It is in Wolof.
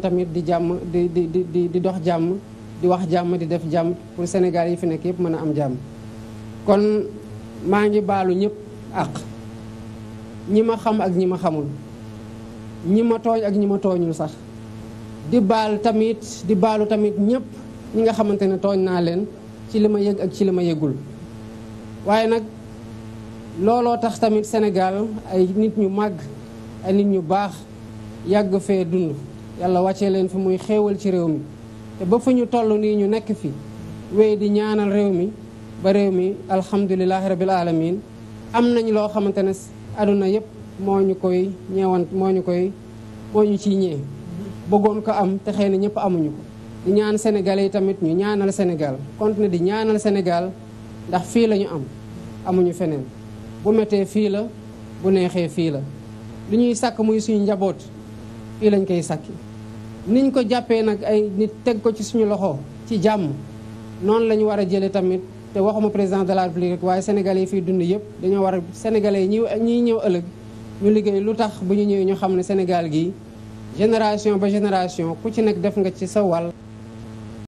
tamit di jàmm di dox jàmm di wax jàmm di def jàmm pour Sénégal yi fi nekk yëpp mën a am jàmm kon maa ngi baalu ñëpp ak ñi ma xam ak ñi ma xamul ñi ma tooñ ak ñi ma tooñul sax di baal tamit di baalu tamit ñëpp ñi nga xamante ne tooñ naa leen ci li ma yëg ak ci li ma yëgul waaye nag looloo tax tamit senegal ay nit ñu màgg ay nit ñu baax yàgg fee dund yàlla wàccee leen fi muy xéewal ci réew mi te ba fu ñu toll nii ñu nekk fi wéy di ñaanal réew mi ba réew mi alhamdulilahi rabil alamin am nañu loo xamante ne àdduna yëpp moo ñu koy ñeewant moo ñu koy moo ñu ciy ñee bëggoon ko am te xëy na ñëpp amuñu ko di ñaan Sénégalais yi tamit ñu ñaanal Sénégal continuer di ñaanal senegal ndax fii la ñu am amuñu feneen bu metee fii la bu neexee fii la li ñuy sàkk muy suñu njaboot fii lañ koy sakki niñ ko jàppee nag ay nit teg ko ci suñu loxo ci jàmm noonu la ñu war a jëlee tamit te waxuma président de la république rek waaye sénégalais yi fiy dund yëpp dañoo war a sénégalais yi ñi ñëw ëllëg ñu liggéey lu tax bu ñu ñëwee ñu xam ne Sénégal gi génération ba génération ku ci nekk def nga ci sa wàll